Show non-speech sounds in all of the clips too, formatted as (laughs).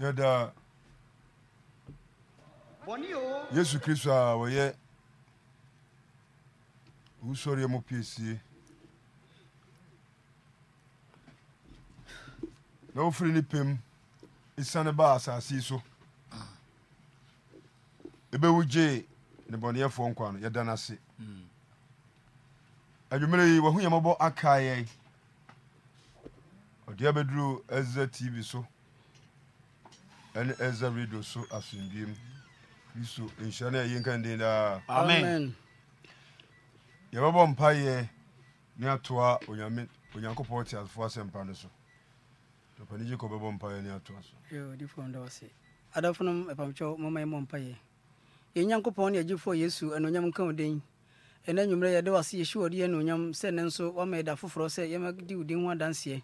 yɛda yesu kristo a wɔyɛ wosɔreɛ mu piesie na wofiri ne pem ɛsiane baa asase so ɛbɛwu gyee nebɔneyɛfoɔ nkwa no yɛda no ase hmm. adwumere yi wahu yɛmɔbɔ aka yɛn ɔde abɛduru ɛza tv so ɛne ɛza radio so asomdwiem kristo nhyira no ɛyɛ nka den daa amen yɛbɛbɔ mpayɛ ne atoa onyankopɔn teasefoɔ asɛmpa no so ɔpani gye kɔ bɛbɔ mpayɛ ne atoa so adafonom ɛpamkyɛw mama yɛ mpayɛ yɛn ne agyefoɔ yesu anuonyam nka wo den ɛnɛ nwummerɛ yɛde wase yɛhyi wɔde yɛ sɛ ne nso woama yɛda foforɔ sɛ yɛmadi wo din ho adanseɛ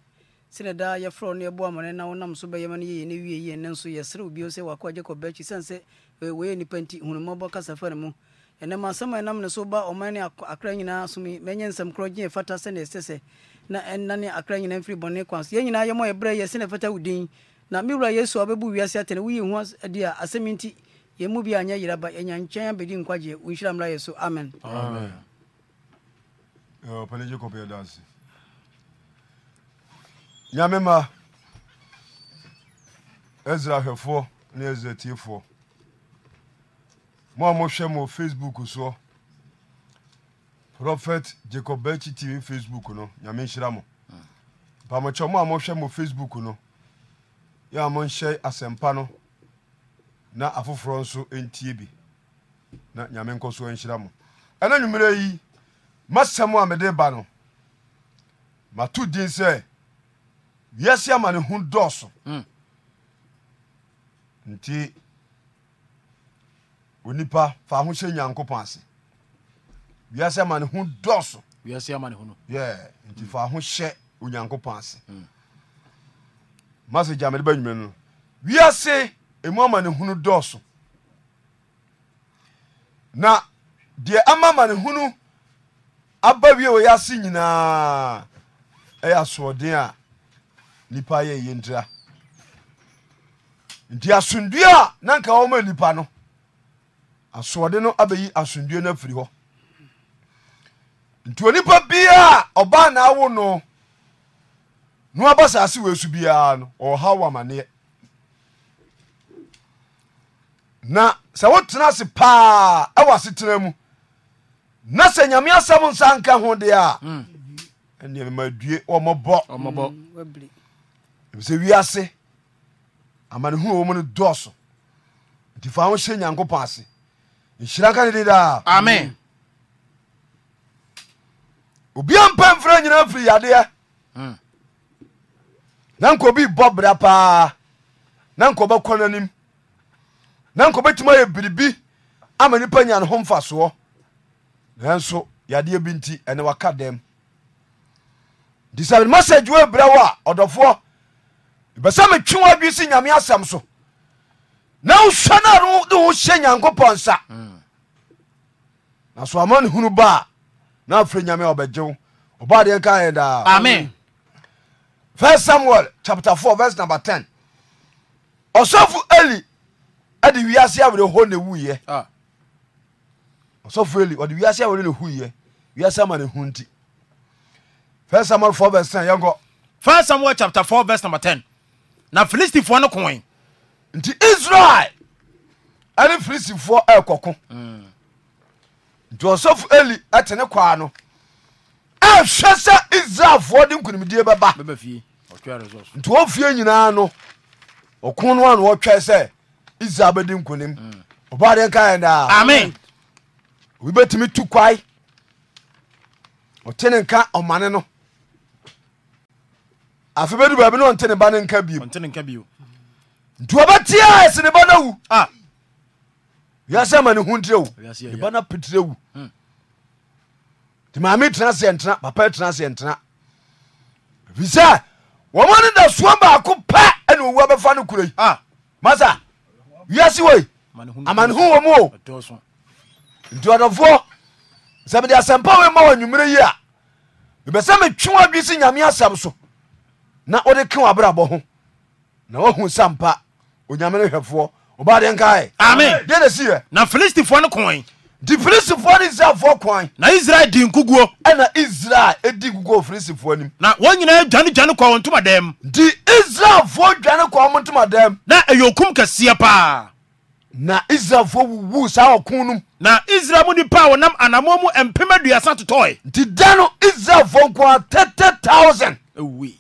sɛne daa yɛforɔ no yɛboa amane na wonam so bɛyɛma no yɛyɛ ne wie yie ne nso yɛserɛ wo bio sɛ wakɔ agye kɔ bɛkyi sɛne sɛ wɔyɛ nnipa nti hunumɔbɔ kasafa no mu ɛnam asɛm a ɛnam ne so ba ɔman ne akra nyinaa so mi mɛnyɛ nsɛm korɔ gye ɛfata sɛne ɛsɛ sɛ na ɛnna ne akra nyinaa mfiri bɔne kwan so yɛn nyinaa yɛmɔ yɛbrɛ yɛ sɛne ɛfata wo din na me wura yesu a wobɛbu wiase atɛne woyɛ hu adi a asɛm nti yɛn mu bi anyɛ yeraba yɛnya nkyɛn abɛdi nkwagyeɛ wonhyira mmra yɛ so amen, amen. amen. Uh, nyame ma ɛsra hwɛfoɔ ne ɛsra tiefoɔ mo a mohwɛ mo facebook soɔ prophet jacob belchi tv facebook no nyame nhyira mo pamokyɛ mo a mohwɛ mo facebook no yɛ a monhyɛ asɛmpa no na afoforɔ nso ntie bi na nyame nkɔ so nhyira mo ɛna nwummerɛ yi masɛm a mede ba no mato din sɛ wiase ama ne ho dɔɔso mm. nti onipa fa ho hyɛ nyankopɔn ase wiase ama ne ho dɔɔso yɛ nti fa ho hyɛ onyankopɔn ase mm. masa gyamede ba nwumɛ no wiase emu ama hunu dɔɔso na deɛ ama ama ne hunu aba wie wɔ yɛ ase nyinaa ɛyɛ asoɔden a nipa yɛ yie ntira nti asomdue a na nka wɔma nipa no asoɔde no abɛyi asomdue no afiri hɔ nti onipa biaa ɔbaa naawo no no aba saase wɔ biara no ɔwɔhaw wɔ amanneɛ na sɛ wotena ase paa ɛwɔ asetena mu na sɛ nyame asɛm nsa nka ho deɛ a mm. ɛneɛ mmadue ɔmɔbɔ sɛ wiase amanehu wɔmu no dɔɔso nti fa ho hyɛ nyankopɔn ase nhyira ka ne de daa amen obia mpɛ mfrɛ nyina firi yadeɛ hmm. na nka bɔ bra paa na nka ɔbɛkɔ no na nka ɔbɛtumi ayɛ biribi ama nipa nya ne ho mfasoɔ nanso yadeɛ bi nti ɛne waka dɛm nti sɛ mede masɛ a ɔdɔfoɔ ɛbɛ sɛ metwe wɔ adwi si nyame asɛm so na wosua no de ho hyɛ nyankopɔn nsa na so ama ne hunu ba a na afiri nyame a ɔbɛgye wo ɔba deɛ nka amen first samuel chapter 4 verse number 10 ɔsɔfo eli ɛde wiase awerɛ hɔ ne wuyɛ ah. ɔsɔfo eli ɔde wiase awerɛ ne huyɛ wiase ama ne hu nti first samuel 4 verse 10 yɛnkɔ first samuel chapter four, verse number ten na filistifoɔ no koe nti israel ɛne filistifoɔ ɛkɔko nti ɔsɔfo eli ɛtene kwaa no ɛhwɛ sɛ israelfoɔ de nkonimdie bɛba nti wɔfie nyinaa no ɔko no ano wɔtwɛ sɛ israel bɛdi nkonim mm. ɔbade nkaɛ daa amen obi bɛtumi tu kwae ɔtene nka ɔmane no afe bɛdu baabi ne ɔnte ne ba ne nka bio ɔnte ne nka bio nti wɔbɛtea ɛse ne ba no wu a wiase ama ne ho ntirɛ wo ne ba no petirɛ wu hmm. nti maame tena seɛ ntena papa tena seɛ ntena ɛfiri sɛ wɔma no da soa baako pɛ ɛne owua bɛfa no kura yi masa wiase wei amane ho wɔ mu o nti ɔdɔfoɔ sɛ mede asɛmpa wei ma wɔ anwummerɛ yi a mebɛ sɛ metwe wadwi se nyame asɛm so na wode ke wabrabɔ ho na wahu sampa onyame no hwɛfoɔ ɔbade nkae amen siɛ na filistifoɔ no koe nti filistifoɔ ne israelfoɔ kwan na israel di nkuguo ɛna israel ɛdi nkuguo filistifoɔ nim na wɔn nyinaa dwanedwane kɔ wɔn ntoma dɛm nti israelfoɔ dwane kɔ wɔn ntoma dɛm na ɛyɛ okum kɛseɛ paa na israelfoɔ wuwu saa ɔko nom na israel mu nipa a wɔnam anammɔn mu mpem aduasa totɔe nti da no israelfoɔ nkoa 30000 ɛwui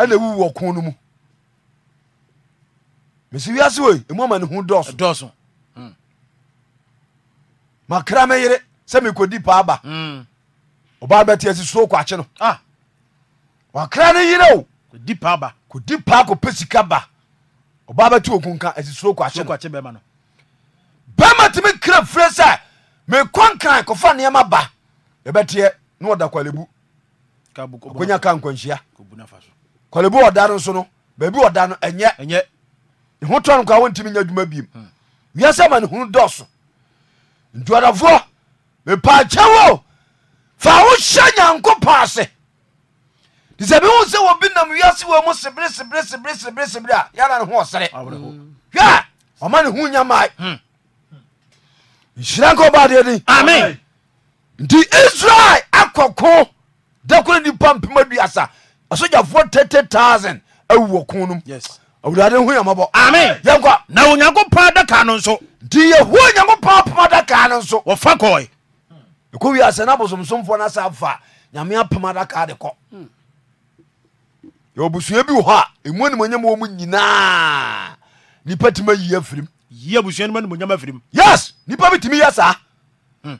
ɛna ɛwu wɔ ko no mu mesi wiase wei ɛmu ama ne ho dɔso hmm. makra me yere sɛ mekɔdi kodi paaba hmm. ɔbaa bɛte asi soo kɔ akye no ah. wakra ne yere o kɔdi paa ba kɔdi paa kɔpɛ sika ba ɔbaa bɛte okunka asi soo kɔ akye no bɛma tumi kra fire sɛ mekɔ nkran kɔfa nneɛma ba ɛbɛteɛ na wɔda kwalebu akonya ka nkwanhyia kɔlebi ɔda no nso no baabi ɔda no ɛnyɛ ho tɔ no kɔ a wɔntumi nya adwuma biem hmm. wiase ma ne hunu dɔɔso ntuadafoɔ mepaakyɛ wo fa wohyɛ nyankopɔn ase nti sɛ mehu sɛ wɔbi nam wiase wɔ mu sebere sebere sebere sebere sebere a yɛna ne ho ɔsere hwɛ ɔma ne ho nyamae hmm. nhyira nka ɔbaadeɛ din amen nti israel akɔko dakoro nipa mpem aduasa asogyafoɔ tete thousand awuwɔ ko nom awurade ho yamabɔ ame yɛnkɔ na onyankopɔn adaka no nso nti yɛhoa onyankopɔn apam adaka no nso wɔfa kɔe ɛkɔ wie asɛ na bosomsomfoɔ no sa fa nyame apam adaka de kɔ hmm. yɛwɔbusua bi wɔ hɔ a ɛmu anim animonyam wɔ mu nyinaa nipa tumi ayi afirim yi abusua no animonyam afirim yes nipa bi tumi yɛ saa hmm.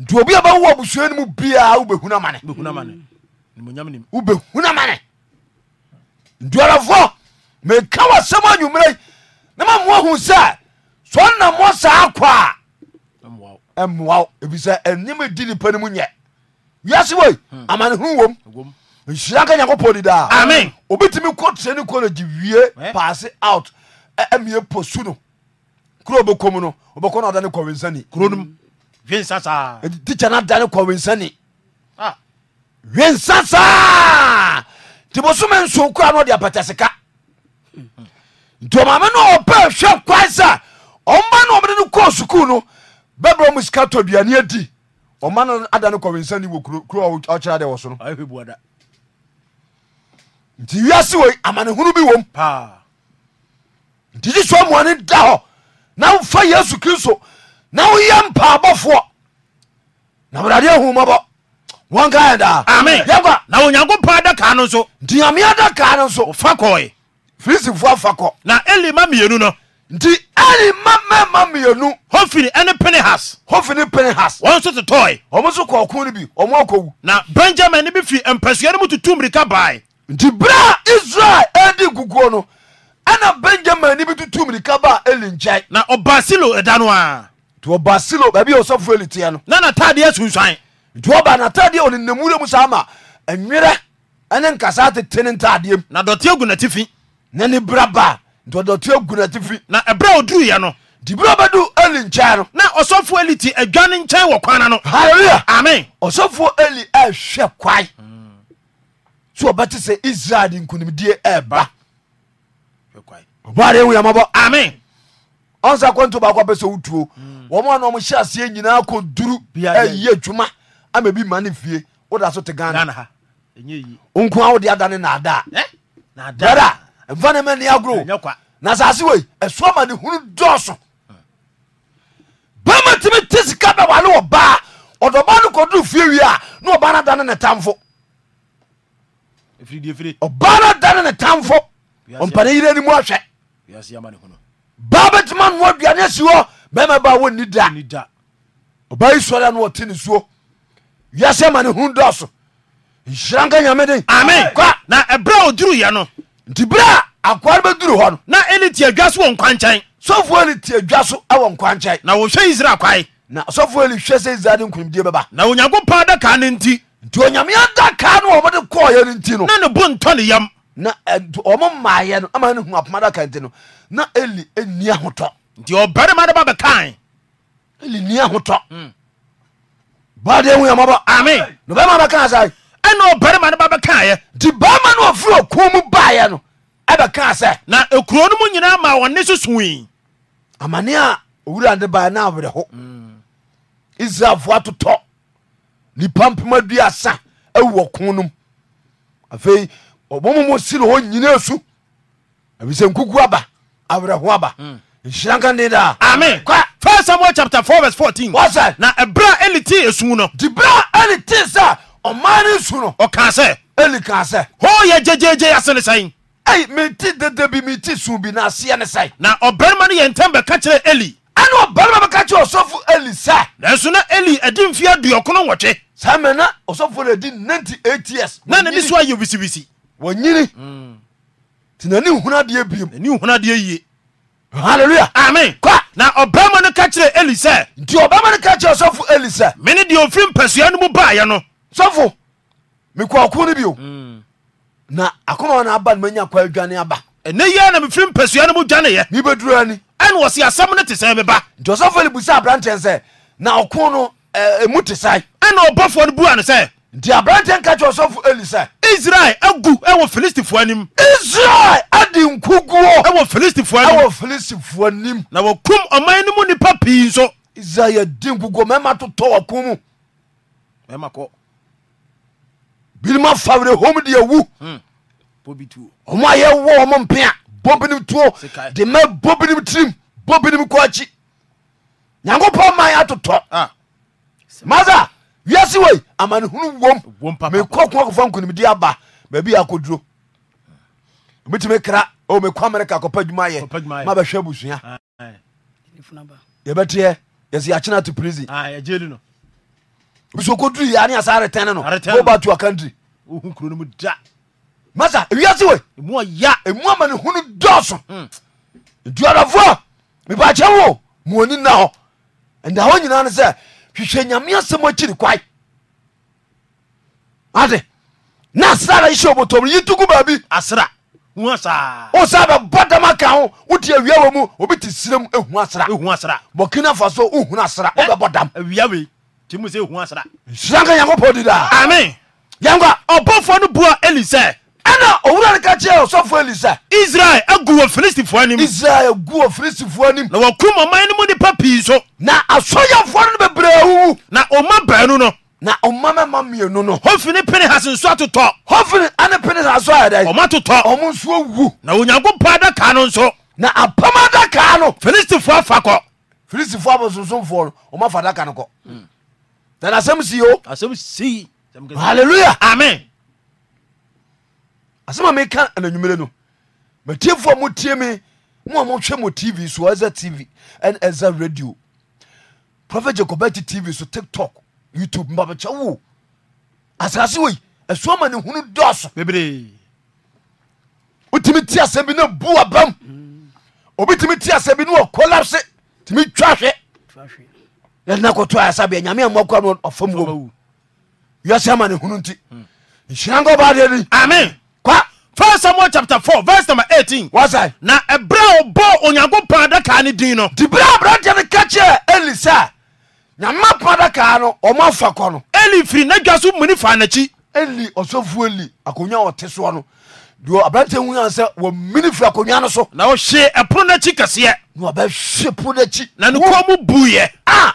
nti obi a bɛwowɔ abusua no mu biaa wobɛhunu amane wobɛhu no mane nduarafoɔ meka wɔsɛm anwummerɛ na ma mmoahu sɛ sɛ ɔna mmɔ saa kɔ a mmoaw ebisɛ anim di nipa no mu nyɛ wiase wei amanehunu wom nhyira nka nyankopɔn di daa amen obitumi kɔ training wie paase out amie po su no kuro obɛkɔ mu no obɛkɔ no ɔda ne kɔwensani kuro nom dwensa saa no ada kɔwensani wensa saa nti bosome nso kora no ɔde apɛtɛ sika nti no ɔpɛ hwɛ kwae sɛ ɔma no ɔmde no kɔɔ sukuu no bɛbrɛ mu sika tɔ aduane adi ɔma no ada no kɔ wensa ni wɔ kuro ɔkyerɛ dɛ wɔ so no nti wiase wei amanehunu bi wom nti gye so amuane da hɔ na wofa yesu kristo na woyɛ mpaabɔfoɔ na wurade ahumɔbɔ wɔnkaɛ daa ame yɛba na onyankopɔn adaka no nso nti nyame adaka no nso fa kɔe filistifoɔ afa kɔ na eli ma mmienu no nti eli ma mɛma mmienu hofini ɛne pinehas hofini pinehas wɔn nso totɔe ɔmo nso kɔ ɔko no bi ɔmo akɔwu na benjamin ne bi firi mpasua no mu tutu mmirika bae nti berɛ a israel ɛdi nkukuo no ɛna benjamin ne bi tutu mmirika baa eli nkyɛn na ɔbaa silo ɛda no a nti ɔbaa silo baabi a ɔsɔfoɔ eli teɛ no na natadeɛ asunsuan nti ba natadeɛ ɔnenamwura mu saa ma werɛ ne nkasa tetene ntadeɛm na dɔteɛ agu natifi na ne braba ba nti ɔdɔteɛ agu natifi na ɛberɛ ɔduruiɛ no nti berɛ bɛdu eli nkyɛn no na ɔsɔfoɔ eli te adwane nkyɛn wɔ kwana no halleluya amen ɔsɔfoɔ eli ahwɛ kwae so ɔbɛte sɛ israel de nkonimdie ɛba ɔbɔade wuyamabɔ amen ɔnsa kɔnto baakɔ pɛ sɛ wotuo mm. wɔma na ɔmo hyɛ aseɛ nyinaa kɔduru ɛyɛ adwuma ama bi ma ne fie woda so te ghana nkoa wode ada ne naadaabɛda eh? mfa ne ni agoro na asase wei ɛsoa ma ne hunu dɔɔso bɛma tumi te sika bɛwale wɔ baa ɔdɔba no kɔdoro fie wie a na ɔba no dane ne tamfo ɔba no dane ne tamfo ɔmpane yere ni ahwɛ baa bɛtumi anoa aduane asi hɔ bɛma ba wɔnni da ɔba yi sɔre a na wɔte ne suo wiase ma ne hu dɔso nhyira nka nyame den ame na ɛberɛ a ɔduruyɛ no nti berɛ a akoa no bɛduru hɔ no na ɛne tie adwa so wɔ nkwa nkyɛn sɔfoɔ ne tie adwa so ɛwɔ nkwa nkyɛn na wɔhwɛ israel kwae na sɔfoɔ ne hwɛ sɛ israel de nkonimdie bɛba na onyankopɔn adakaa no nti nti onyame adakaa no wɔmode kɔɔyɛ no nti no na ne bo ntɔ ne yam na eh, ɔmo maayɛ no ama no hu apoma adaka nti no na ɛli ɛni ahotɔ nti ɔbarima de ba bɛkae ɛli ni ahotɔ hmm bade hu yamɔbɔ ami na bɛrima bɛka sɛ ɛna ɔbarima no ba bɛkaeɛ nti bɛrima no ɔfiri ɔkuo mu baeɛ no ɛbɛka sɛ na ekuro no mu nyinaa ma wɔne so sui amane a owura de baeɛ na awerɛ ho hmm. israelfoɔ atotɔ nipa mpema duasa awuwɔ ko nom afei ɔbɔmomɔ si no hɔ nyina su ɛfisɛ nkuku aba awerɛ ho aba hmm nhyira nka amen kwa first samuel chapter four verse fourteen. wọ́n sẹ́. na ẹ̀bùrẹ̀ ẹni tí esun nọ. dìbẹ́ ẹni tí sẹ́ ọ̀ma ni sun nọ. ọ̀kan sẹ́. ẹni kan sẹ́. hó yẹ jẹjẹjẹ ase ni sẹ́yìn. ẹyì mi ti dede bi mi su sun bi na aseɛ ni sẹ́yìn. na ɔbɛrima ni yɛn ntɛn bɛ kankyere eli. ɛna ɔbɛrima bɛ kankyere ɔsɔfo eli sɛ. nanso na eli ɛdi nfi aduɔkono wɔtwe. sẹ́mi na ɔsɔfo de di ninety eight years. na ne ni so ayɛ wisiwisi. wɔ nyini. tinani hunadeɛ biem. tinani hunadeɛ yie. halleluya amen kwa! na ɔbarima no ka kyerɛ eli sɛ nti ɔbarima no ka kyerɛ sɔfo eli sɛ mene deɛ ɔfiri mpasua no mu baayɛ no sɔfo mekɔ ɔko no bio na akoma no aba no manya kwa adwane aba ɛnɛ yia na mefiri mpasua no mu dwaneyɛ mebɛduru ani ɛne wɔse asɛm no te sɛ meba nti ɔsɔfo eli busa aberantɛn sɛ na ɔko no ɛmu te sae ɛna ɔbɔfoɔ no bua no sɛ nti aberantɛn ka kyerɛ ɔsɔfo eli sɛ israel agu ɛwɔ filistifoɔ anim israel adi nku filistifoɔ filistifoɔ nim na wɔkum ɔman no mu nipa pii nso isaia din gugu mɛma totɔ wako mu mɛma kɔ binima fawere hom de awu hmm. ɔmo ayɛ wɔ ɔmo mpea bobinim tuo de ma bobinim tirim bobinim kɔ akyi nyankopɔn ma yɛ atotɔ ah. masa wiase wei amanehunu wom mekɔ kuma kofa nkonimdi aba baabi akɔduro obitumi kra Ome mekɔ amerika kɔpɛ adwumayɛ ma bɛhwɛ abusua yɛbɛteɛ yɛsɛ yɛakyena to prison biso kɔduru yɛ ne asa retɛne no woba to a country masa ewiase we ɛmu ama ne hunu dɔɔso ntuadafoɔ mepakyɛ wo muoni na hɔ nda hɔ nyinaa no sɛ hwehwɛ nyame asɛm akyiri kwae ade na asra da yehyɛ obotom yi tuku baabi asra wosa bɛbɔ dama ka ho wote awia wɔ mu obi te siram ehu asra burkina faso wohunu asra wobɛbɔ eh, dam nsira nka nyankopɔn di daa ami yanka ɔbɔfoɔ no bua eli sɛ ɛna owura no ka kyeɛ ɔsɔfoɔ eli sɛ israel agu wɔ filistifoɔ anim israel agu wɔ filistifoɔ anim na wɔkum ɔman no mu nipa pii so na asɔyafoɔ no no bebree wuwu na ɔma baanu no na ɔmamɛma mmienu no hofini pinehas nso atotɔ hofini ane pinehas so ayɛ dɛ ɔma totɔ ɔmo nso wu na onyankopɔn adaka no nso na apam adaka no filistifoɔ afa kɔ filistifoɔ abosonsomfoɔ no ɔma fa adaka no kɔ hmm. then asɛm sii o asɛm sii halleluya amen asɛm a meka ananwumere no matiefoɔ a motie me mo a mohwɛ mo tv so ɛza tv ɛza radio prophet jacob ati tv so tiktok youtube mpapakyɛ wo asase wei asuoma ne hunu dɔɔso bebree wotumi te asɛm bi na bu abam obi tumi te asɛm bi na wɔkolapse tumi twa hwɛ yɛdena kɔto ayasa bia nyame a mmɔkɔ no ɔfam wɔ wiase ama ne hunu nti nhyira nka ɔbaadeɛ ni amen kwa first samuel chapter four verse number eighteen. wasa na ɛbrɛ o ɔbɔ onyankopɔn adaka ne din no. dibere aberanteɛ no ka elisa nyama padaka no ɔma afa kɔ no eli firi n'adwa so muni fa n'akyi eli ɔsɔfo eli akonnwa ɔte soɔ no deɛ aberante hu yan sɛ wɔmini firi akonnwa no so na ɔhye ɛpono n'akyi kɛseɛ na ɔbɛhye po n'akyi na ne kɔn mu buiɛ a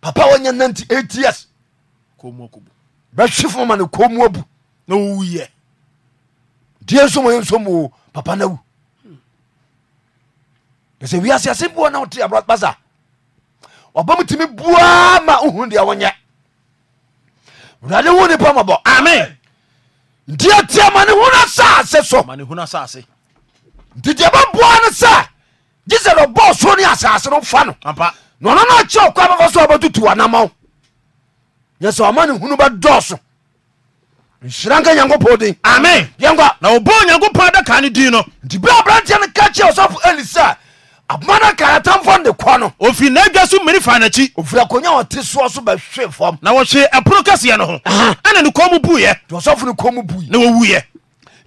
papa wɔnyɛ nanti eight years bɛhye fo ma ne kɔn mu abu na ɔwuyɛ deɛ nso mo yɛ nso mo papa na wu ɛsɛ wiase asɛm bi wɔ na ɔte abrabasa ɔbɔ mu tumi bua ma wohu deɛ wonyɛ wurade wo nipa mɔbɔ amen nti ɛtiɛ ma ne hunu asase so nti deɛ bɛboa no sɛ gye sɛ dɔbɔ so ne asase no fa no na ɔno no akyɛ ɔkɔ bɛfa so ɔbɛtutu wanamaw nyɛ sɛ ɔma ne hunu bɛdɔɔso nhyira nka nyankopɔn din amen yɛnkɔ na ɔbɔ onyankopɔn adaka no din no nti bɛ aberanteɛ no ka kyɛ ɔsɔfo amana ka atamfo de kɔ no ofiri n'adwa so mmiri fa n'akyi ofiri akonya ɔte soɔ so bɛhwe fam na wɔhwe ɛpono kɛseɛ no ho ɛna ne kɔn mu buiɛ ɔsɔfo ne kɔn mu bui na wɔwuiɛ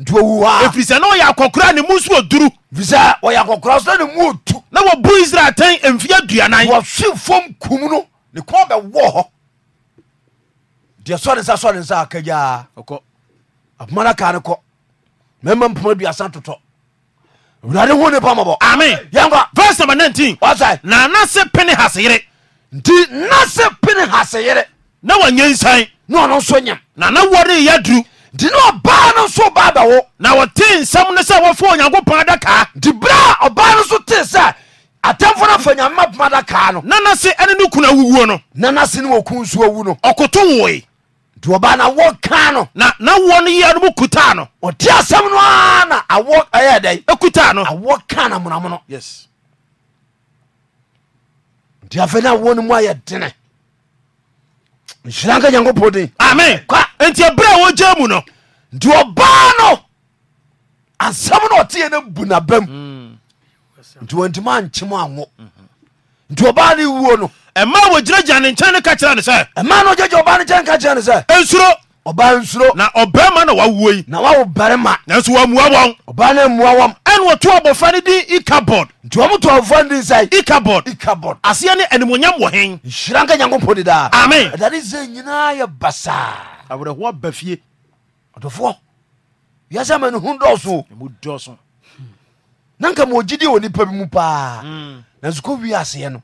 nti wɔwu ha ɛfiri sɛ na ɔyɛ akɔkora ne mu nso ɔduru firi sɛ ɔyɛ akɔkora so na ne mu ɔtu na wɔbu israel tɛn mfie aduanan wɔhwe fam kum no ne kɔn bɛwɔ hɔ deɛ sɔre nsa sɔre nsa akagyaa amana ka ne kɔ mɛma mpoma duasa totɔ wurade hu ne pamɔbɔ ami yɛnkɔ verse number nineteen ɔsɛ na nase pini haseyere nti nase pini haseyere na wa nye nsan na ɔno nso nyam na na wɔre yɛ duru nti na ɔbaa no nso ba bɛwo na wɔte nsɛm no sɛ wɔfo onyankopɔn adaka nti berɛ a ɔbaa no nso te sɛ atamfo na afa nyamema poma adaka no na nase ɛne ne kunu awuwuo no na nase ne wɔku nsuo awu no ɔkoto woe nbanawo ka no na wɔ no yɛ nomu kuta no ɔte asɛm noana awo ɛyɛdɛkta noawɔ ka namoam n nti af ni awo no muayɛ den nsyiraka nyankopɔ den ame a nti berɛ wɔgya mu no ntiɔba no asɛm no ɔteyɛno bu nabamntitimankem mm. awontibanwon ɛma wɔgyinagyina ne nkyɛn no ka kyerɛ ne sɛ ɛma no gyagya ɔba no nkyɛn ka kyerɛ ne sɛ ɛnsuro ɔba nsuro na ɔbarima na waawuo yi na wawo barima nanso waamua wɔn ɔba no amua wɔm ɛne wɔto abɔfra no din ikabod nti ɔmo to abɔfra no din sɛe ikabod ikabod aseɛ ne animonyam wɔ hen nhyira nka nyankopɔn daa. amen ɛdade sɛ nyinaa yɛ basaa awerɛhoɔ ba fie ɔdɔfoɔ wiasɛ ma ne ho na nka ma ɔgyidie wɔ nipa bi mu paa hmm. nanso kɔ wie aseɛ no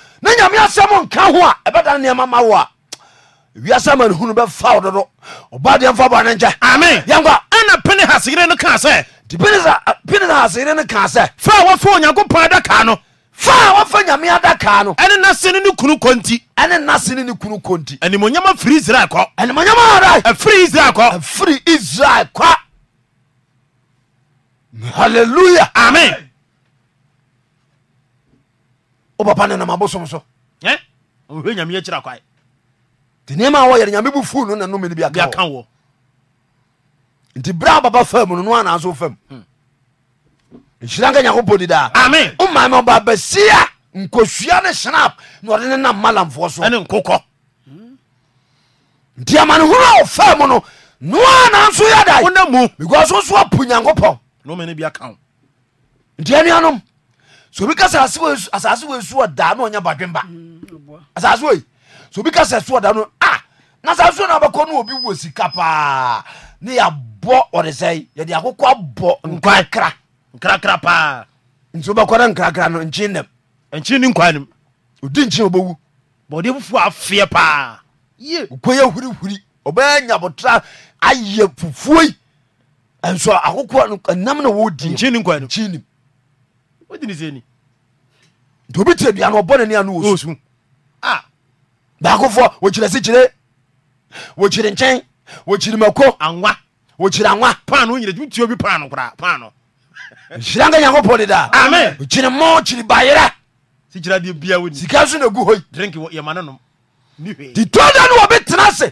ne nyame asɛm nka ho a ɛbɛda nneɛma ma wo a wiasɛ ma nehunu bɛfa wo dodo ɔba deɛ mfa bɔne nkyɛ ame yɛnkɔ ɛna pinehas yere no kaa sɛ nti pinehas no kaa sɛ fa a wɔfa onyankopɔn adakaa no fa a wɔfa nyame adakaa no ɛne nase no ne kunu kɔ nti ɛne nase no ne kunu kɔ nti animonyama firi israel kɔ animonyama ada ɛfiri israel kɔ ɛfiri israel kɔ halleluya amen wopapa ne nam abosom so ɔhwɛ nyame akyira kwa. nti nneɛma a wɔyɛre nyame bo fuu no na nomene bi aka wɔ nti berɛ a baba fam no no anaaso fam hmm. nhyira nka nyankopɔn di daa ame woma me ɔba basia nkosua ne snap na ɔde ne nam malamfoɔ so ɛne nkokɔ nti amanehunu a ɔfa mu no noa nanso yɛ da wona mu because wo so apo nyankopɔn nomene bi aka wo nti anuanom so obi kasa asase wei su ɔdaa na ɔnya badwen ba mm, asase wei so obi kasa su ɔdaa no a ah, na asase wei na abɛkɔ no obi wɔ sika paa ne yɛabɔ ɔde sɛ yɛde akokɔ abɔ nkrakra nkrakra paa nti wobɛkɔ ne nkrakra no nkyen nam nkyen ne nkwa nem odi nkyen obɛwu bɔde fufuo afeɛ paa okoyɛ hurihuri ɔbɛyɛ nyabotra ayɛ fufuo yi nso akokɔ nam na wɔdi nkyen ne nkwa nem wodini sɛ ni nti obi tiri aduane ɔbɔ ne nea no wɔ oh, su ah. baakofoɔ wɔkyiri asikyire wɔkyiri nkyɛn wɔkyiri mako anwa wɔkyiri anwa paano nyina tumi tuo bi paano koraa paano nhyira nka nyankopɔn de daa amen kyiri mmɔ kyiri bayerɛ sikyira deɛ bia woni sika so na gu hɔ yi drink yɛma no nom ne hwee nti tɔda no wɔbɛtena se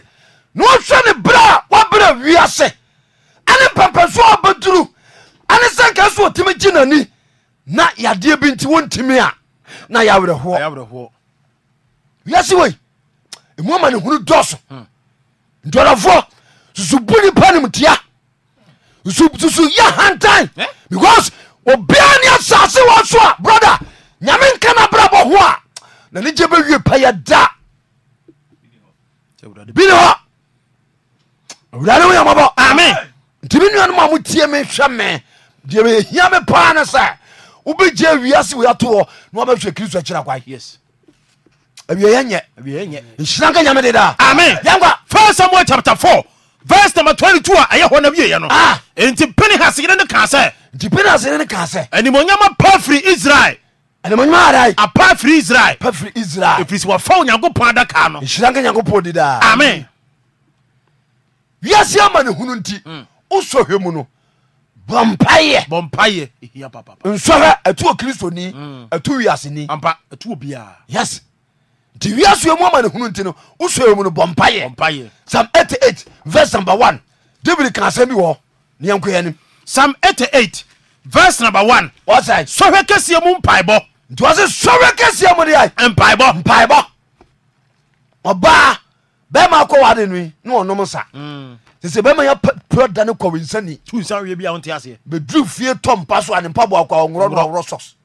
na wɔhwɛ ne berɛ a wɔabrɛ wiase ane pɛmpɛ so a wɔbɛduru ane sɛ nka so wɔtumi gye n'ani na yadeɛ binti wontimi a na yɛwerɛhoɔ wiasewei muma ne hunu dɔ so hmm. ntadafo susubu ni pa nem tea susu ya hanta beause obia ne asase wa soa brotha nyame nkanabrabɔho a nane kyebɛwie pɛ yɛdabinehey ntimi nuanm motieme hɛme dhia me pans wobɛgye wiase weatoɔ na wabɛhwɛ kristo akyira kwa awieɛ nyɛ nhyira nka nyame de daa amen yɛnkwa first samuel chapter 4 verse number 22 a ɛyɛ hɔ na wieɛ no enti pinehas yere no kaa sɛ nti pinehas yere sɛ animonyama pa firi israel apa firi israel ɛfiri sɛ wɔfa onyankopɔn adaka no nyankopɔn de daa amen wiase ama hunu nti wosɔhwɛ mm. mu no bɔmpayɛ bɔmpayɛ ehia papa nsɔhwɛ ɛtuo kristoni ɛtuo ni, ampa ɛtuo biara yes nti wiase mu ama ne hunu nti no wosɔ mu no bɔmpayɛ bɔmpayɛ psalm 88 verse number one. david ka asɛm bi wɔ ne yɛnkɔ yɛnim psalm 88 verse number 1 wɔsɛ sɔhwɛ kɛseɛ mu mpaebɔ nti wɔ se sɔhwɛ kɛseɛ mu deɛ mpaebɔ mpaebɔ ɔbaa bɛma akɔ wade no yi ne ɔnom sa mm sese bɛma ya pɛ dane kɔwe nsani tusawie bia wonte aseɛ bɛduru fie tɔ mpa so ane mpa boakɔ ɔworɔworɔ sos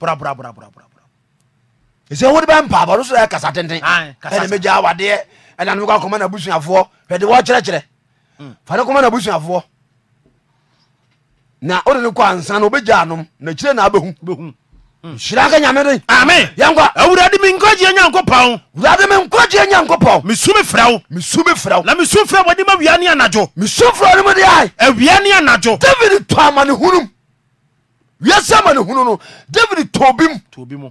brabrabrabrabra ɛsɛ wode bɛ mpa bɔno so ɛ kasa tenten ɛne mɛgya awadeɛ ɛna no kɔma na busuafoɔ hwɛde wɔkyerɛkyerɛ mm. fa ne kɔma na busuafoɔ na wode ne kɔ ansa no wobɛgya anom na kyire na abɛhu nhyira ka ame yɛnkɔ awurade menkɔgyeɛ nyankopɔn wurade menkɔgyeɛ nyankopɔn mesu me wo mesu me wo na mesu frɛ wɔde ma awia ne anadwo mesu frɛ no mu de ae awia ne anadwo david tɔ amane hunum wiasɛ amane hunu no david tɔ bi mu mu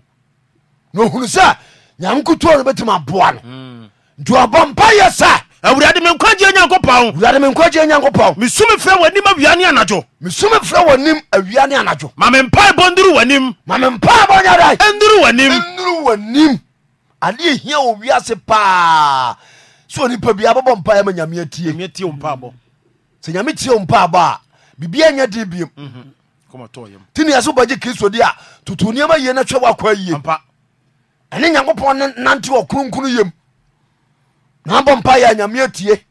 na ohunu sɛ nyame no bɛtumi aboa no mm. nti ɔbɔ mpa yɛ sɛ awurade menkwagye nyankopɔn wurade nyankopɔn frɛ w'anim awia ne anadwo frɛ w'anim awia ne anadwo ma nduru w'anim ma nyada w'anim w'anim wɔ wiase paa sɛ onipa bia bɛbɔ mpaeɛ nyame atie sɛ nyame tie wo mpaabɔ a biem mhm. kristo di a toto nneɛma yie no yie ɛne nyankopɔn nante wɔ kronkrono yam nabɔ mpa yɛ nyame atie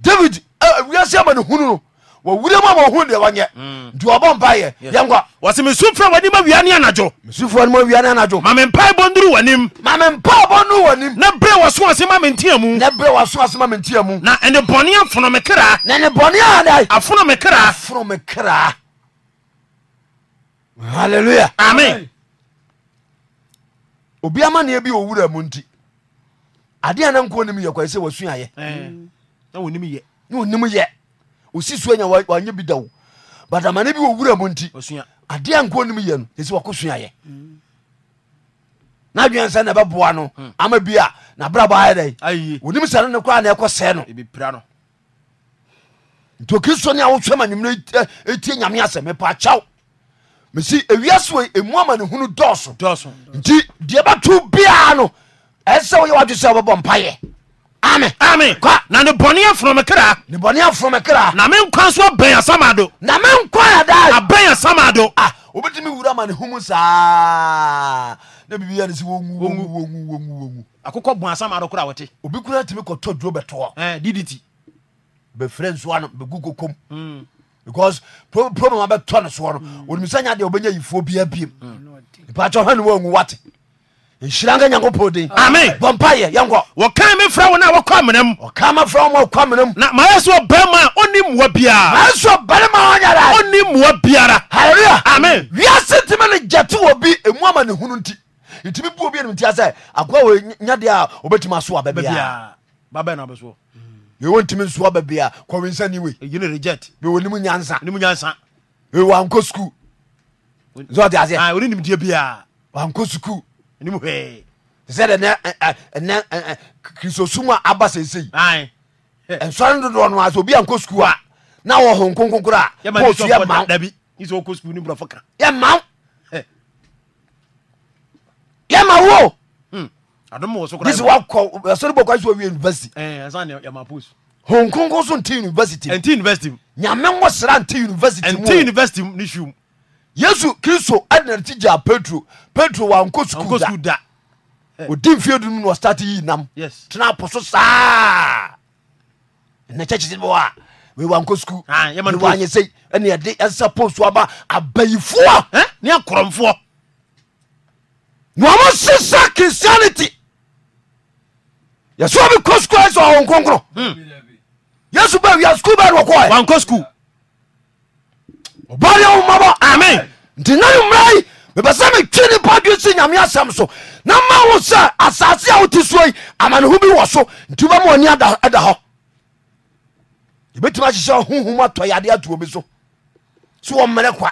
david wiase ama ne hunu no wawura mu ama ɔhu deɛ wɔnyɛ mm. nti wɔbɔ mpa yɛ yɛnkɔ wɔsɛ mesu fra w'anim awia ne anadwo mesu fra w'anim awia ne anadwo ma me mpa w'anim ma me mpa w'anim na bere wɔso ase ma me mu na bere wɔso ase ma me ntia mu na ɛne bɔne afono me kra na ne bɔne adai afono me kra afono me kra hallelujah amen obi ama ne bi owura mu nti adeɛ na nko nim yɛ kwae sɛ wasuayɛ ne onim yɛ eh. osi sua nya wanyɛ bi da wo but amane bi wɔwura mu nti adeɛ nko nim yɛ no ɛsɛ wɔko suayɛ na adwene sɛ na ɛbɛboa no hmm. ama bi a nabrabɔ ayɛ dɛ onim sɛ no ne koraa na ɛkɔ sɛɛ no nti okristo ne a wohwɛ ma ɛtie eh, nyame asɛ mepa kyaw mesi ewiase wei ɛmu ama ne hunu dɔɔso nti deɛ bɛto biaa no ɛsɛ woyɛ wadwe sɛ wobɛbɔ mpayɛ ame ame kwa na ne bɔne afono me kra ne bɔne afono me kra na menkwa so abɛn asamado na menkwa ada abɛn asamado ah wobɛtumi wura ma ne hum saa na biribia ne sɛ wɔwuwɔwuwɔwu akokɔ bu asamado kora wɔte obi kura tumi kɔtɔ duro bɛtoɔ ddt bɛfrɛ nsoa mm. no bɛgu kokom because problem abɛtɔ ne soɔ no ɔnimisa mm. nya deɛ wobɛnya yifoɔ bia biem mm. nipa kyɛ hɔ ne wɔawu wate nhyira nka nyankopɔn din ame bɔmpayɛ yɛnkɔ wɔka me fra wo no wɔkɔ amenam ɔka ma fra wo ma ɔkɔ amenam na mayɛ so ɔbarima a ɔnni mmoa biara mayɛ so ɔbarima a ɔnyara ɔnni mmoa biara haleluya ame wiase timi no gyate wɔ bi ɛmu ama ne hunu nti ntimi bu obi anim ntia sɛ akoa wɔ nyadeɛ a wɔbɛtumi aso aba biara babɛ na yɛwɔ ntimi nso aba biara kɔwensa ni wei ɛyine reject bɛwɔ nim nyansa nim nyansa ɛwɔ ankɔ sukuu sɛ ɔde aseɛ ɔne nimdeɛ biara wankɔ sukuu nim hwee sɛ dɛ kristosum a aba seisei nsɔre dodoɔ no asɛ obi ankɔ skul a na wɔ ho nkonkonkoro a kɔɔtua ma hmm. yɛma yɛma wo disi wakɔ ɛsɔre bɔ kwan so wɔwie university honkonko so nte university nyame nwɔ sra nte university mu yesu kristo adenati gya petro petro wankɔ sukuu da eh. odi mfie dunum na ɔstart yi nam tena po so saa ɛnɛ kyɛkyɛ ah, sɛ bɛwɔ a wankɔ sukuu wanyɛ sɛ ɛne ɛde ɛsesa post aba abayifoɔ eh? ne akorɔmfoɔ na ɔmo sesa christianity yɛsɛ ɔbi kɔ sukuu ɛsɛ ɔwɔ nkonkoro hmm. yesu bɛ wia sukuu bɛ ne wɔkɔɛ wankɔ sukuu ɔbɔne womɔbɔ amen nti na nummerai mepɛ sɛ metwe nipa dwe si nyame asɛm so na ma wo sɛ asase a wote suo yi amaneho bi wɔ so nti wobɛma ani ada hɔ yɛbɛtumi ahyehyɛ hohom atɔ yadeɛ atuo bi so sɛ wɔmmerɛ kwa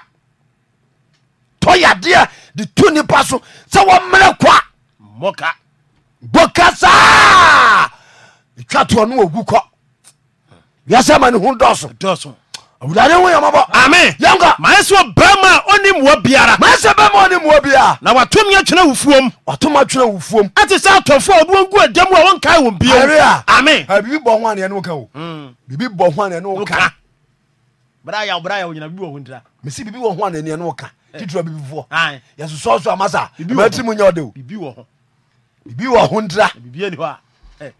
tɔ yadeɛ de to nipa so sɛ wɔmmerɛ kwa mɔka boka saa ɛtwa toɔ no wɔgu kɔ wiasɛ amaneho dɔso awurade ho yamabɔ ame yanka mayɛ sɛ ɔbɛma a ɔne mmoa biara mayɛ sɛ bɛma ɔne mmoa biara na watomi atwena wo fuom ɔtom atwena wo fuom ate sɛ atɔfo a ɔde wɔngu adam a wɔnkae wɔn bio ame biribi bɔ ho aneɛ ne woka o mm. biribi bɔ ho aneɛ ne woka mesi biribi wɔ ho aneɛ ne woka eh. titira bibifoɔ yɛsosɔ so amasa matiri mu nyɛ ɔde o biribi wɔ ho ntra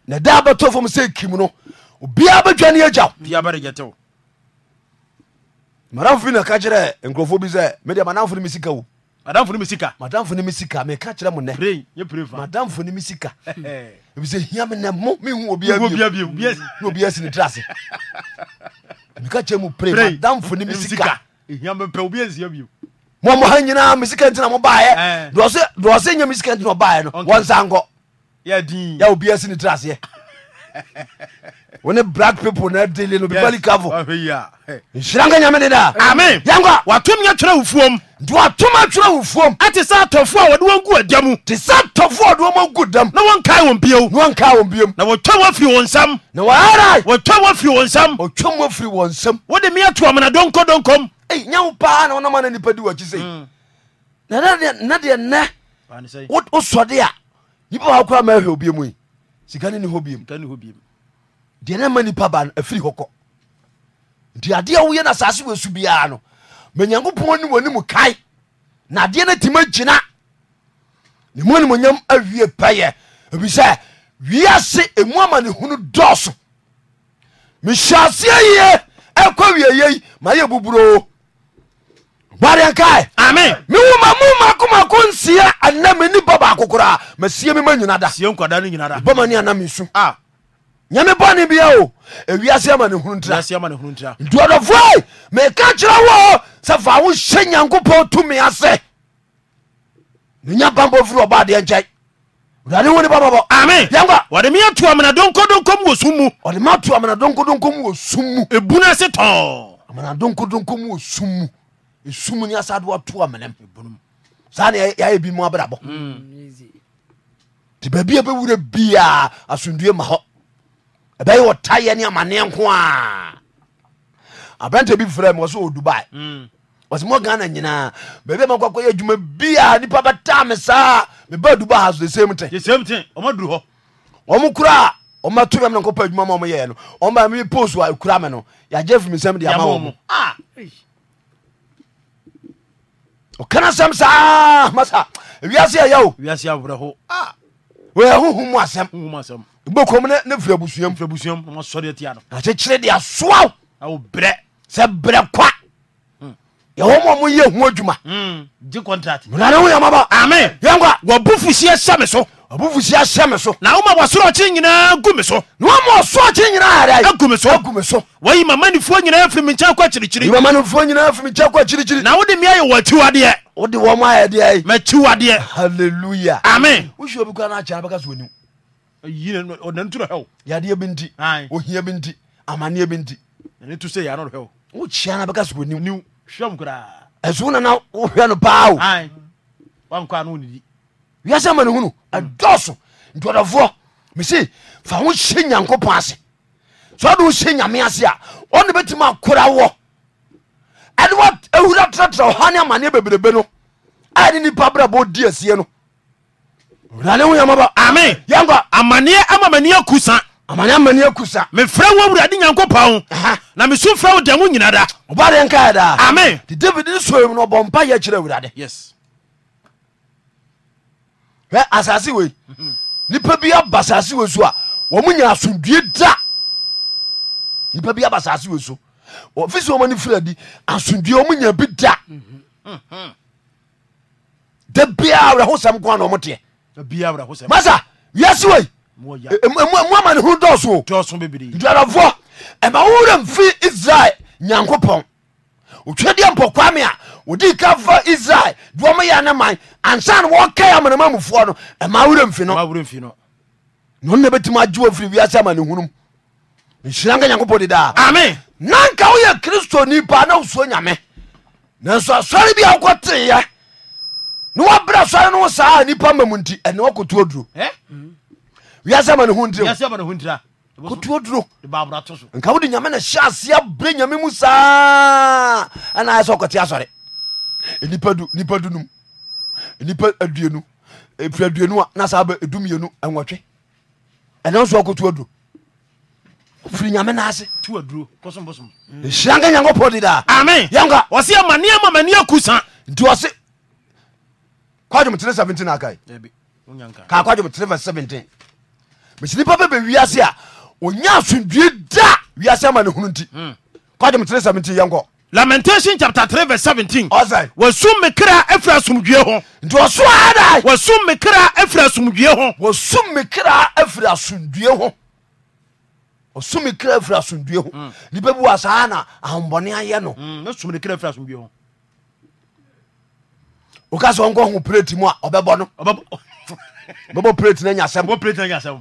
na eh. da bɛtɔ fam sɛ kim no obiaa bɛtwa ne agyaw madamfo bi na ka kyerɛ nkurɔfoɔ bi sɛ mede madamfo no me sika wo madamfo no me sika madamfo no me sika meka kyerɛ mo nɛ madamfo no me sika (laughs) ebisɛ hia me nɛ mo mehu obiabiobi asi ne tra ase (laughs) meka kyerɛ mu pre madamfo no me sika mɔmɔ ha nyinaa me sika na mo baɛ dɔɔse nya me sika nti na ɔbaɛ no wɔnsa nkɔ yɛ obi asi ne tra aseɛ (laughs) n t osod a deɛ ne ma nipa ba no afiri hɔ kɔ nti adeɛ woyɛ no asase wɔsu biara no ma nyankopɔn ne wɔnimu kae na adeɛ no tima gyina ne mu animonyam awie pɛyɛ ebisɛ wiase emu ama ne hunu dɔɔso mehyɛ aseɛ yie ɛkɔ wieyei mayɛ buburoo barenkae amen mewoma mu makomako nsia ana meni ba baako koraa masie me ma nyina da bama ne ana mesu ah yame bɔne bia o ewiase ama ne hunu ntra ntuadɔfoɔ meka kyerɛ wo sɛ fa wo hyɛ nyankopɔn tumi ase nenya bambɔ firi ɔbaadeɛ nkyɛe wurade wo ne bɔbɔbɔ ame yɛnkɔ ɔde meyɛ tu amana donkodonkom wɔ sum mu ɔde ma tu amana donkodonkom wɔ sum mu ebunu ase tɔn amana wɔ sum mu esum ni asa de watu amana mu saa ne yɛayɛ bi mu abrabɔ mm. nti baabi a bɛwura biaa asomdue ma hɔ ɛbɛyɛ wɔtayɛ ne amanneɛ nko a abranta bi frɛ mɔ sɛ ɔdubai mm. ɔsɛ mɔ ghana nyinaa baabi ma kɔkɔ yɛ adwuma bia nipa bɛtaa me saa meba dubai ha so the same thing ɔmo kora a ɔma to yam no nkɔpɔ adwuma ma ɔmoyɛɛ no ɔma me pos a ɛkura me no yɛagye afiri mesɛm de ama wɔ mo ah! ɔkana sɛm saa masa ewiase ɛyɛ o ɛhohom ah! asɛm bokom ne firi abusuam akyekyere de asoa brɛ sɛ brɛ kwa hmm. yɛwɔ ma mo yɛ ho adwumaneyamaba hmm. ame yɛnkwa wɔbofusiɛ hyɛ me so ɔbofusiɛ hyɛ me so na woma wɔsorɔkye nyinaa gu me so na wama ɔsorɔkye nyinaa ɛdɛ agu me so agu me so wɔyi mamanifoɔ nyinaa firi me nkyɛn kɔ akyirikyiri mamanifoɔ nyinaa firi me nkyɛn kɔ akyirikyiri na wode me ayɛ wɔ akyiwadeɛ wode wɔm ayɛdeɛ makyiwadeɛ halleluya ame wohwɛ obi kora no akyɛ no bɛka so ɔnim yinɔnantura hɛw yadeɛ bi nti ohia bi nti amaneɛ bi nti ɛne to sɛ yɛ anɔdɔ hɛw wokyia no bɛka sɛ wɔnim hwɛm koraa ɛso nana wohwɛ no paa o wankɔa no wonedi wiasɛ ma no hunu mm. ɛdɔso ntɔdɔfoɔ mese fa ho hyɛ nyankopɔn ase sɛ wode wohyɛ nyame ase a ɔne bɛtumi akora wɔ ɛne wa awura tratra ɔha ne amaneɛ bebrebe no ɛne nipa brabɔ di asie no amaneɛ amamaniɛ ku sa mefrɛ wo awurade nyankopɔn na meso frɛ wo dɛn wo nyina da ame david soim no ɔbɔ mpa yɛ kyerɛ awurade hwɛ asase wei nipa bi aba asase wei so a wɔn nyina asomdue da nipa bi aba asase wei so ɔfisi wɔn ani fira di asomdue wɔn nyina bi da mhm. Mhm. da biara awurahosɛm kwan na wɔn teɛ masa wiase wei mu ama eh, eh, ne ho dɔsooduadafoɔ ɛma wowura mfi israel nyankopɔn otwadeɛ mpɔ kwame a wodi ka fa israel duɔm yɛ ne man ansa no wɔkɛɛ amanama mufoɔ no ɛma wura mfi no na ɔnna bɛtumi agye wɔ firi wiase ama ne hunum nhyira nka nyankopɔn dedaa ame na nka woyɛ kristoni paa na wosuo nyame nanso asɔre bi a wokɔ teyɛ wobrɛ sɔre no wo saa nnipa ma mu nti ɛne wakotuo duro wiase ma ne ho ntiri kotuo duro nka wode nyame na hyɛ aseɛ berɛ nyame mu saa ɛna sɛ ɔkɔte asɔre nipa du nipa du num nipa aduonu efiri aduonu a na saa bɛ edum ɛnwɔtwe ɛna nso akotuo duro firi nyame naase ehyia nka nyankopɔn di daa ami yanka ama nneɛma ma aku san nti wɔsi kwadwom tere 17 aka ka kwadwom tere verse 17 mesi nipa bɛbɛ wiase a onya asomdue da wiase ama ne hunu nti kwadwom tere 17 yɛnkɔ lamentation chapter 3 verse 17 ɔsɛ wɔsum me kra afiri asomdue ho nti ɔso ada wɔsum me kra afiri asomdue ho wɔsum me kra afiri asomdue ho ɔsum me kra afiri asomdue ho hmm. nipa bi wɔ saa na ahombɔne ayɛ no hmm, oka sɛ ɔnkɔ ho plate mu a ɔbɛbɔ no bɛbɔ plate no anya sɛm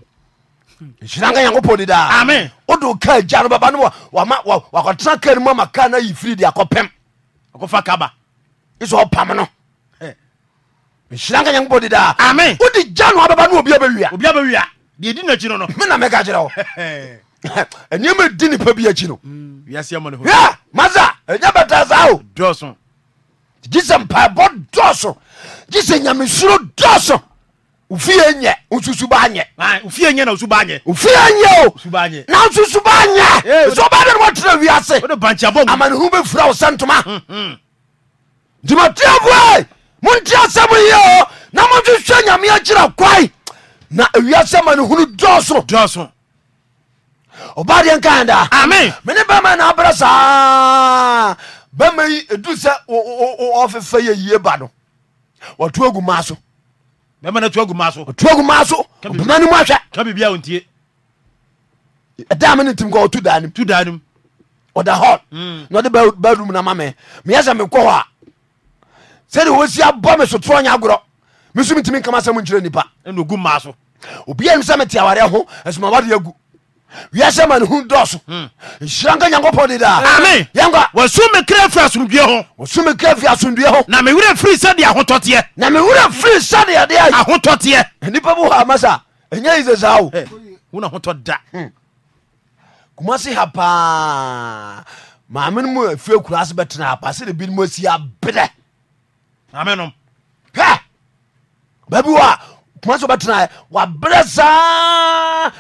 nhyira nka nyankopɔn didaa wode ka agya no bɛba no wakɔtena ka no mu ama ka no ayi firi de akɔpɛm akɔfa kaba ɛsɛ ɔpam no nhyira nka nyankopɔn didaa wode gya no abɛba no obi abɛwia no no mena mɛka kyerɛ wo ɛnneɛma (laughs) (laughs) di nipa bi akyi no mm, maza ɛnya bɛta saa o gyesɛ sɛ dɔso gye sɛ nyamesuro dɔso ofie yɛ nsusu ba ah, ofie na osu sɛ ɔba ne wiase amanehu bɛfura wo sɛ ntoma hmm, hmm. nti e. monte asɛm yie o na monhwehwɛ nyame akyira kwai na awiase amanehunu dɔso ɔba deɛ nkaɛdaa mene bɛma na abrɛ saa bɛma yi ɛdu sɛ ɔfefa yɛ yie ba no wɔto agu maa so na no toagu maa so ɔto agu maa so ɔbɛma hmm. no mu ahwɛ ka biribia wɔntie ɛda me no ntim kɔ ɔto daa nim to daa nim ɔda hall na ɔde badum no ma me meyɛ sɛ mekɔ hɔ a sɛde wɔsi abɔ me sotorɔ nya agorɔ meso metumi nkama sɛ mo nkyerɛ nnipa ɛna ogu maa so obia nim sɛ mete awareɛ ho asumawade agu wiase ma ne hu dɔso hmm. nhyira nka nyankopɔn de daa ami yɛnka wɔsum mi kira firi asomdue ho wɔsum me kira firi asomdue ho na mi wura firi sɛdeɛ ahotɔteɛ na mi wura firi sɛdeɛ deɛ ahotɔteɛ nipa bi wɔ amasa ɛnyɛ yi sɛ saa o wona eh, ahotɔ da hmm. kuma se ha paa maame no mu afie kura se bɛtena ha sɛ de bi no mu asi abrɛ maame nom hɛ baabi wɔ a kuma se bɛtena wabrɛ saa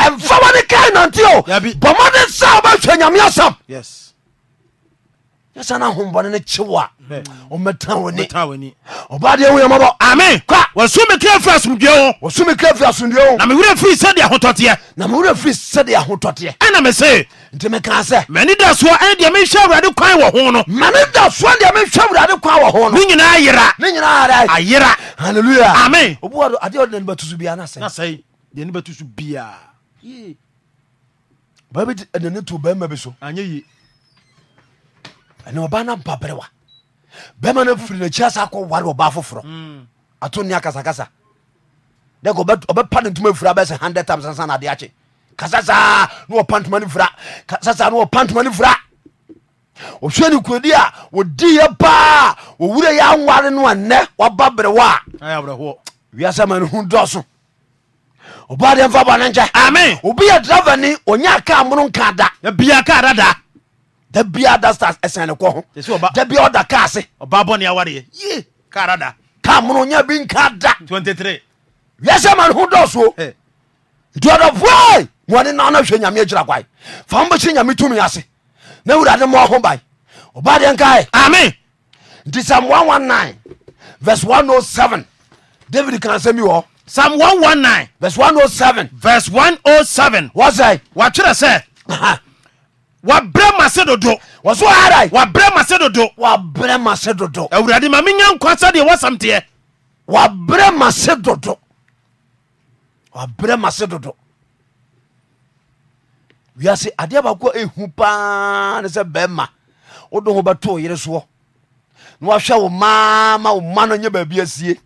ɛmfa wɔne kae nante o bɔmɔde sa wobɛhwɛ nyame asam yɛsa no ahombɔne no kyewo a ɔmɛtena woni ɔbadeɛ wo yɛmɔbɔ ame kwa wɔso me kra firi asomdua ho wɔso me kra firi asomdua ho na mewerɛ firi sɛdeɛ ahotɔteɛ na mewerɛ firi sɛdeɛ ahotɔteɛ ɛna me se nti meka sɛ mane da soɔ ɛne deɛ mehwɛ awurade kwan wɔ ho no mane da soɔ deɛ mehwɛ awurade kwan wɔ ho no ne nyinaa yera ne nyinaa ayera halleluya ame obuadeɛ ɔde nani bɛto so bia nasɛ nasɛ deɛ ne bɛto so biaa baabi nane to bɛrima bi so anyɛ ye ɛne ɔba no ba berewa bɛrima no firi nakyi asa akɔ ware ɔba foforɔ hmm. ato nne akasakasa dɛk ɔbɛpa ne ntoma fira bɛsɛ hundred times ansa na ade akye kasa saa na wɔpa ntoma no fira kasa saa na wɔpa ntoma no fira ɔhwɛ ne kurodi a wɔdi yɛ paa wɔwura yɛ aware no annɛ waba berewa a ma no hu dɔso ɔbade mfa bɔne nkyɛ ame obi yɛ dravani onya ka mono nka da bia ka da da da da stars ɛsɛn ne kɔ ho da bia ɔda ka ase ɔba bɔne awareɛ ye ka da da ka mono onya bi nka da 23 wiasɛ ma ne ho dɔɔso duadɔfoɔ wɔne na na hwɛ nyame agyira kwae fa mbɛhyɛ nyame tumi ase na wurade mmɔ ho bae ɔbadeɛ one ame nti sam 119 vs 107 david kan sɛ mi wɔ psalm one one nine, verse one oh seven, verse one oh seven. 107 wɔsɛe wɔatwerɛ sɛ wabrɛ mase dodo wɔso ara wabrɛ mase dodo wabrɛ mase dodo awurade ma menya nkwa sɛdeɛ wɔsɛm teɛ wabrɛ mase dodo wabrɛ mase dodo wiase adeɛ baako ehu paa ne sɛ bɛrima wode ho bɛto wo yere soɔ na wahwɛ wo maa ma wo ma no nyɛ baabi asie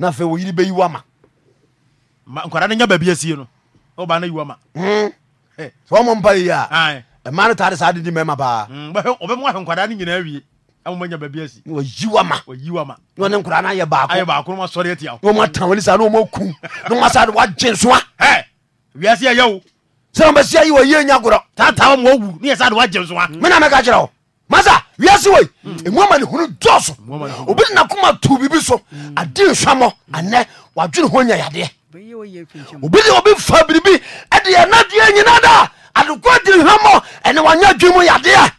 na afei woyere bɛyi wama nkwara no nya baabi asie no woba no yiwa ma hmm. eh. sɛ wɔmɔ mpa yi a ɛma eh, no tade saa dedi mɛma paa ɔbɛmu hmm, ahwɛ nkwadaa no nyinaa awie amomanya baabi asi na wayi wama wayi wama na ɔne nkwadaa no ayɛ baako ayɛ baako no masɔre atia wo na ɔma tan wani saa na ɔma kum na ɔma saa de wagye nsoa wiase ɛyɛ wo sɛ ɔbɛsia yi wɔyie nya gorɔ taataa ɔma wawu ne yɛ saa de wagye nsoa mena mɛka kyerɛ wo masa wiase wei ɛmuama ne hunu dɔɔso obi de nakoma too biribi so ade nhwamɔ anɛ wadwene ho nya yadeɛ obi de obi fa biribi ɛde yɛnadeɛ nyina da adekɔ diri hwamɔ ɛne wanya dwe mu yadeɛ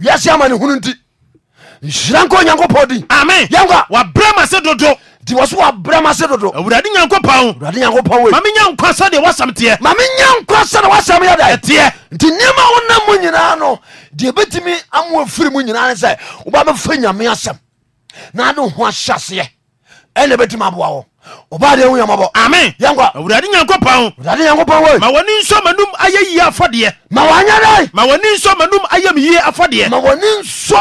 wiase ama ne hunu nti nhyira nka onyankopɔn din ame yɛnka wabrɛ ma se dodo nti wɔ so wabrɛ ma se dodo awurade nyankopɔn awurade nyankopɔn ma menya nkwa sɛdeɛ wasɛm teɛ ma menya nkwa sɛne wasɛm yɛ da ɛteɛ nti nneɛma wonam mu nyinaa no deɛ bɛtumi amoa firi mu nyinaa ne sɛ woba bɛfa nyame asɛm na de ho ahyɛ aseɛ ɛne bɛtumi aboa wɔ ɔbade hu yamabɔ ame yɛnkɔ awurade nyankopɔn awurade nyankopɔn wei ma wɔne nsɔ manum ayɛ yie afɔdeɛ ma wɔanyɛ dɛ ma wɔne nsɔ manum ayɛ me yie afɔdeɛ ma ni nsɔ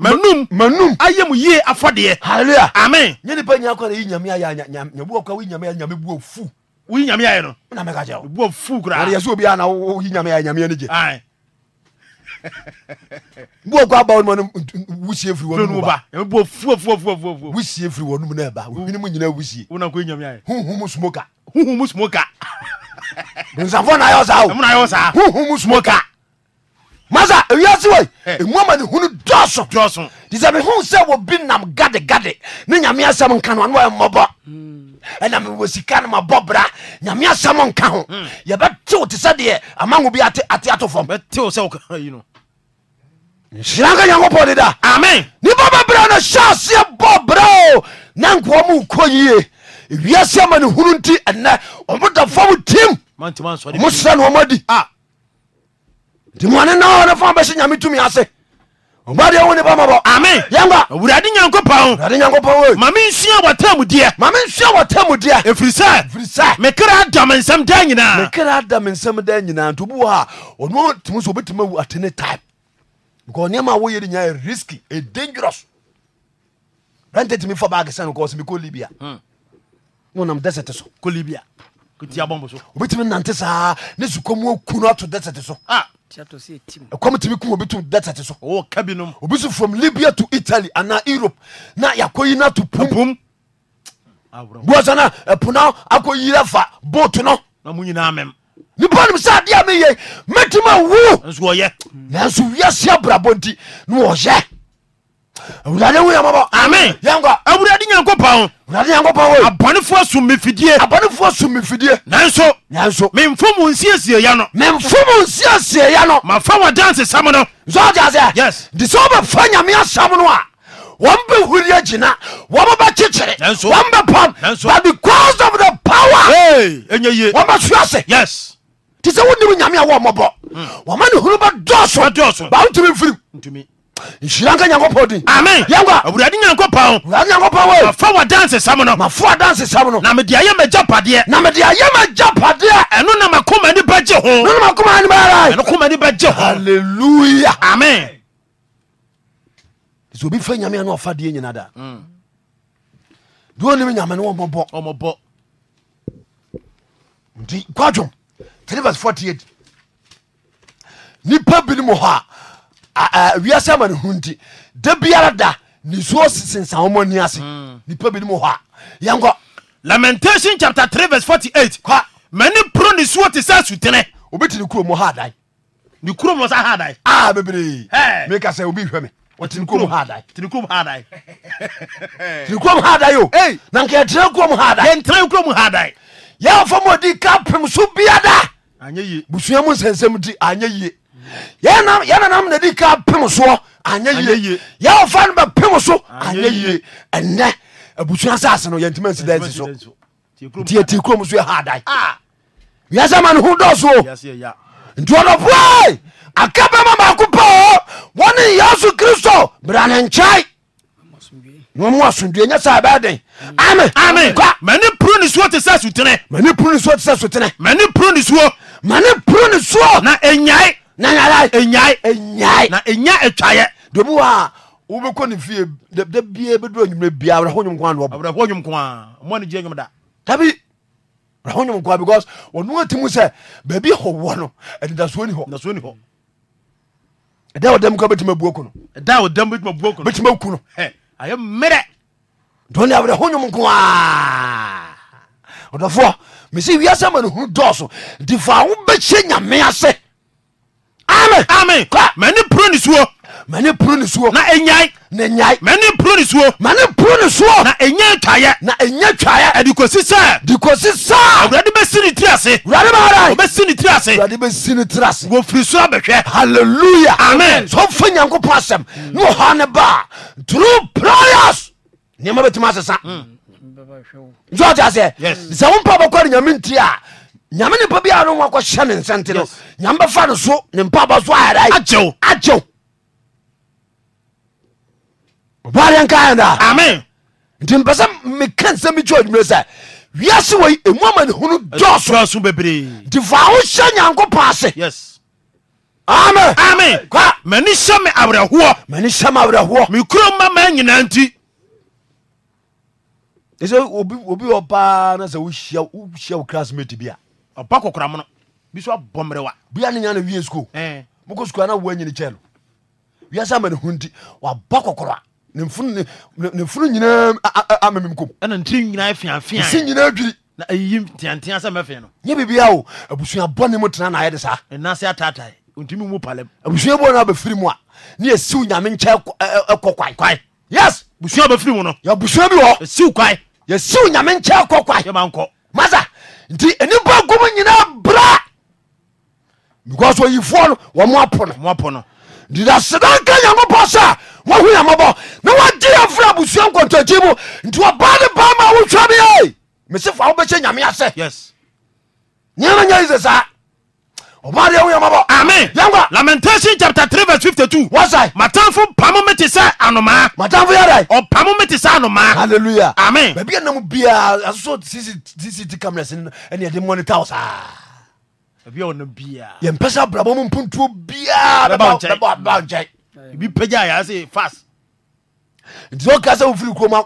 manum manum ayɛ mu yie afɔdeɛ halleluya amen nye nipa nyina kɔ na yi nyame ayɛ nyabu ɔkɔ wo nyame ayɛ nyame bu ofu wo yi nyame ayɛ no na mɛka kyɛ wo bu ofu kura ɔde yɛ sɛ obi a na wo yi nyame ayɛ nyame ani gye bu ɔkɔ aba wo nomɔ no wusie firi wɔnom ba bu ofu ofu ofu ofu ofu wusie firi wɔnom na ɛba wini mu nyina wusie wo na kɔ yi nyame ayɛ huhu mu smoka huhu mu smoka nsafo na ayɛ saa o ɛmu na ayɛ saa huhu mu smoka masa ewiase wei eh. emu ama ne hunu dɔɔso dɔɔso disɛ hun sɛ wo bi nam gade gade ne nyame asɛm nka no ɔno yɛ mmɔbɔ hmm. ɛnam wɔ sika no ma bɔ bra nyame asɛm nka ho hmm. yɛbɛtew te sɛ deɛ amanwo bi ate ate ato fam bɛtew sɛ woka yi no nhyira nka nyankopɔn de da amen nipa bɔ bra o na nkoɔ mu kɔ yie ewiase ama ne hunu nti ɛnɛ ɔmodafam tim mo srɛ no ɔmadi ah ntimoane na ne fa bɛhyɛ nyame tumi ase ɔbadeɛ wo ne bamabɔ ame yɛnga awurade nyankopɔn awurade nyankopɔn ma mensua wɔtamu deɛ ma mensua wɔtamu deɛ ɛfiri sɛ ɛfiri sɛ mekra ada me nsɛm da nyinaa mekra ada me nsɛm da nyinaa nti obi wɔ a ɔno tumi sɛ obɛtumi awu atene time because nneɛma a woyɛ de nya yɛ risky a dangerous rente tumi fa baage sɛ no kɔ sɛ mekɔ libia wonam hmm. desert so kɔ libia obɛtumi nante saa ne sukɔ mu aku no ato desert so ah ɛkɔm tumi ku obi tum desert so obi so from libya to italy anaa europe na yakɔyi no to pum ah, buasa na ɛpo eh, no akɔyira fa boat no nipa nim sɛ adeɛ meye mɛtumi awu nanso wiase abrabɔ nti na wɔyɛ awurade wo yamabɔ ami awurade nyankopɔn awurade nyankopɔn wo abɔnefoɔ sum mi fidie abɔnefoɔ sum nanso nanso mimfo mu nsiesie ya no mimfo mu nsiesie ya no mafa wɔ danse sam no zɔɔja sɛ yes nti sɛ wobɛfa nyame asam no a wɔn bɛ huri agyina wɔn bɛ kyekyere wɔn bɛ pam but because of the power wɔn bɛ su ase yes ti sɛ wonim nyame a wɔn mɔbɔ hmm. wɔn ma ne huru bɛ dɔɔso ba wotumi mfirim nhyira nka nyankopɔn din amen yɛnkwa awurade nyankopɔn awurade nyankopɔn we mafa wadanse sam no mafo adanse sam no na mede ayɛ magya padeɛ na mede ayɛ magya padeɛ ɛno na makoma ni bɛgye ho ɛno na makoma ni bɛyɛra ɛno koma ni bɛgye ho hallelujah amen sɛ obi fa nyame a na ɔfa deɛ nyina da deɛ ɔnim nyame no ɔmɔbɔ ɔmɔbɔ nti kwadwom 3 vs 48 nipa binom hɔ a wiase ma ne ho nti da biara da nesuo sensa wɔmɔ ni ase hmm. nipa binom hɔ a yɛnkɔ lamentation chapter three verse forty eight, kɔ mani pro ne suo te sɛ asutene obɛtine kuro mu hadan ne kuro mu sa hadan a bebree meka sɛ obi hwɛ me tene kurom hadan tene kurom hadan tene kurom hadan o na nka yɛtena kurom hadan yɛntena kurom hadan yɛmfa ma odi ka pem so biada busua mu nsɛnsɛm di anyɛ yie ynanamnadkapem sfan bpem sosassomanhds ntidpoe aka pe ma baako pa wne yesu kristo brane ky somy spnso na ɛnya atwayɛ dobi wa wobɛkɔ ne fie da bia bɛdura nwumerɛ bia awerɛho nwom koa noɔbɔ nwom koa mɔne gye nwom da dabi awerɛho nwom koa because ɔno ati mu sɛ baabi hɔwɔ no ɛdedasuo ni hɔ dasuo ni hɔ ɛda wɔdam ka bɛtumi abuo ko no ɛda wɔdam bɛtumi abuo ko no bɛtumi aku no ayɛ mmerɛ dɔne awerɛho nwom koa ɔdɔfoɔ mesi wiasɛ ma no hu dɔɔso nti fa wo bɛhyɛ nyame ase amen mane pro ne suo mane pro ne suo na ɛnyae na nyae mane pro ne suo mane pro ne suo na ɛnya twaeɛ na ɛnya twaeɛ ɛde kosi sɛ de kosi sɛ awurade bɛsi ne tiri ase awurade bɛhara obɛsi ne tiri ase awurade bɛsi ne tiri ase wɔfiri hallelujah amen sɛ ɔmfa nyankopɔn asɛm ne ɔhɔ ne ba through prayers nneɛma bɛtumi asesa hmm. nso ɔte aseɛ sɛ wo mpa bɛkɔ ne nyame nti a nyame nepa bia no wa kɔhyɛ ne nsɛnte no yame bɛfa no so ne mpaba so aaayɛ badɛkaɛ nti mpɛ sɛ meka nsɛ mikyiaum sɛ wiase wei mu amanehuno so ntifaawohyɛ nyankopɔn asemaniɛ m awrhoɛarho mekromamanyina nti sɛobi wɔbansɛ wosia wo crassmaty bia ɔbɔ kɔkora mono bi so abɔ mmerewa bia ne nyana wie suko mokɔ suko ana woa nyini kyɛ no wiase ama ne ho nti wabɔ kɔkora ni funu nyinaa ama mim kom ɛna ntiri nyinaa fiafia si nyinaa dwiri na ayiyi nteantea sɛ mɛfe no nyɛ biribia o abusua bɔne mu tena naayɛ de saa ɛnase atatae ntimi mu palem abusua bɔ no abɛfiri mu a ne yɛsiw nyame nkyɛ ɛkɔ kwae kwae yes busua bɛfiri mu no yɛbusua bi wɔ ɛsiw kwae yɛsiw nyame nkyɛ ɛkɔ kwae yɛmankɔ masa nti anipa komo nyina bra because oyifoɔ no wɔ moapo no mpo no nti da sedaka nyankopɔn saa woho amobɔ na wagyeyɛ fra abosua nkontakyi mu nti wɔba ne ba ma wohame e mesi foa wobɛkye nyame asɛ ys nyeno nyayi se saa ọba de ehun yẹn ma bọ. ami yankwa. lamentation chapter three verse fifty two. wọ́sà. matanfo pamu mi ti sẹ́ ànùmá. matanfo yàrá yìí. ọ̀pamu mi ti sẹ́ ànùmá. hallelujah. ami. bẹẹbi yẹn namu bia asoso cctv camera sin ẹni ẹdi monitor ọsà. Ah. bẹẹbi yẹn namu bia. yẹn pẹsẹ aburabọ mu mpuntuo bia. bẹẹ bá wọn jẹ. ibi pẹjá yà á sè fast nti sɛ ɔka sɛ wofiri kurom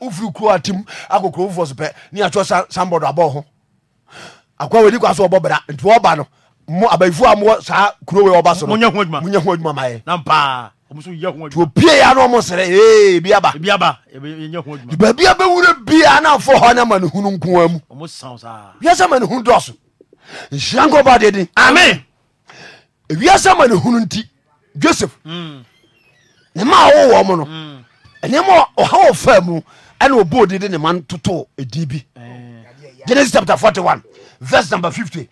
wofiri kuro atim akokuro fofoɔ so pɛ ne atwɔ sambɔdo abɔ ho akoa wadi kwa so ɔbɔ bra nti wɔba no mo abayifo a mo saa kuro wei ɔba so no mo nyɛ ho adwuma ma yɛ na mpaa ya na ɔmo sere ee ebi aba ebi aba ebi nyɛ ho adwuma baabi abɛwura bia na afɔ hɔ na ma ne hunu nko amu ɔmo wiase ma ne hunu dɔso nhyira nkɔ ba deden amen wiase ma ne hunu nti joseph mm. ne mm. ma awo wɔ mo no ɛnneɛma ɔha wɔ faa mu ɛna ɔbɔ odidi ne ma toto edi bi genesis chapter forty one verse number fifty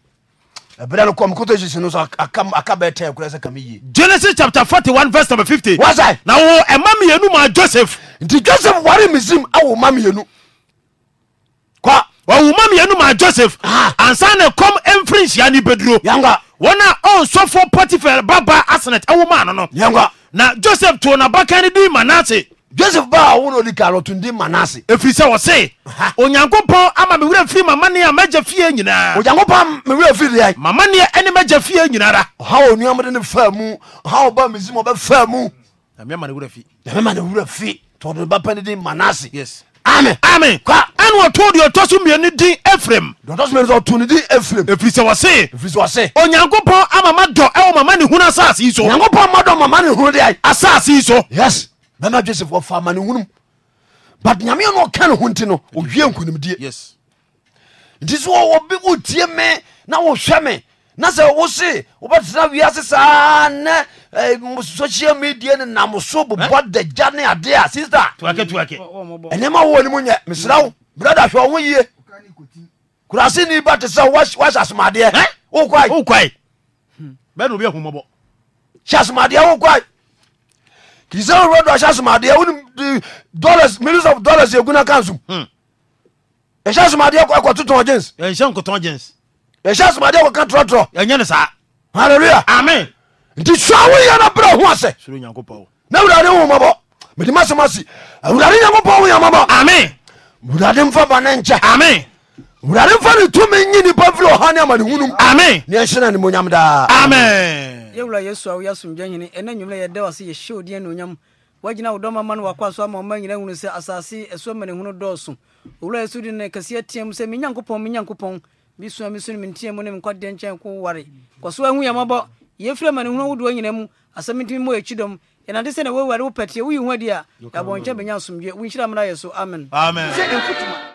ɛbɛrɛ no kɔm sisi no so aka bɛ tɛ sɛ kame yie. genesis chapter forty one verse number fifty. wasa. na wo ɛma mienu ma joseph. nti joseph wari misim awo ma mienu. kɔ. ɔwo ma mienu ma joseph. Ah. ansa na kɔm ɛnfiri nsia ni beduro. yanga. wɔn a ɔnsɔfo potiphar baba asenet ɛwo ma ano no. yanga. na joseph to n'abakan ni di manase joseph baa wo na odi ka ɔtondi manase ɛfiri sɛ wɔse onyankopɔn ama mewerɛ firi mamanneɛ a magya fie nyinaa onyankopɔn mewerɛ firi deɛ mamanneɛ ne magya fie nyinara ɔha wɔ nuamode ne faa mu ɔha wɔba mesim ɔbɛfaa mu ɛmɛma ne wura fi ɛmɛma ne wura fi tɔde bapa ne din manase amen amen kwa ɛna ɔtoo deɛ ɔtɔ so mmienu din efrem deɛ ɔtɔ so mmienu ɔtoo ne din efrem ɛfiri sɛ wɔse ɛfiri sɛ wɔse onyankopɔn ama ma dɔ ɛwɔ mama ne hunu asase yi so onyankopɔn ma dɔ mama ne hunu deɛ asase yi so yes mɛma joseph wɔfa amane hunum but nyameɛ no ɔka ne ho nti no ɔwie nkonimdie nti sɛ wotie me na wohwɛ me na sɛ wo se wobɛtena wiase saa nɛ eh, social media ne nam so bobɔ eh? dagya ne ade a sister ɛnɛma wowɔ nim nyɛ mesra wo brada hwɛ wo yie kurase ni ba te sɛ woahyɛ asomadeɛ eh? wokwae hyɛ asomadeɛ wokwae kìsẹ́ òwúrọ̀ dùn ẹ̀ṣẹ́ sùmàdìyẹ wọ́n ní dollars millions of dollars yẹn gúnná kanṣu ẹ̀ṣẹ́ sùmàdìyẹ kọ́ ẹ̀kọ́ tuntun jeans. ẹ̀ṣẹ́ nkùtàn jeans. ẹ̀ṣẹ́ sùmàdìyẹ kọ́ kan tọ̀rọ̀tọ̀rọ̀. ẹ̀yẹ́ ni sá. hallelujah amen. nti sọ́wọ́ yẹn náà bẹ̀rẹ̀ ọ̀hún ọ̀sẹ̀. sọ́wọ́ yẹn kó pọ̀. n'awurade ń wọ́n mọ́ bọ́ mẹ̀dìmásímásí awurade yẹn kó pọ̀ ọ̀hún yẹn mọ́ bọ́. amen. awurade ń fọ́ amen. wurade mfa ne tumi nyi nipa firi ɔha ne amanehunum ame ne ɛnhyena ne monyam daa amen yɛwura yesu a woyɛ asomdwa hene ɛna nwummerɛ yɛda wase yɛhyɛ odi anuonyam woagyina wo dɔma ma no wakɔa so ama ɔma nyina hunu sɛ asase ɛso amanehunu dɔɔso owura yesu de ne kɛseɛ team sɛ me nyankopɔn me nyankopɔn mesua me so ne menteɛ mu ne menkɔde nkyɛn ko ware kɔ so ahu yɛmmɔbɔ yɛfiri amanehunu wodoɔ nyina mu asɛm ntimi ma yɛkyi dɔm ɛnade sɛ na woaware wo pɛteɛ woyi ho adi a yɛabɔnkyɛ bɛnya asomdwe wonhyira mmara yɛ so amen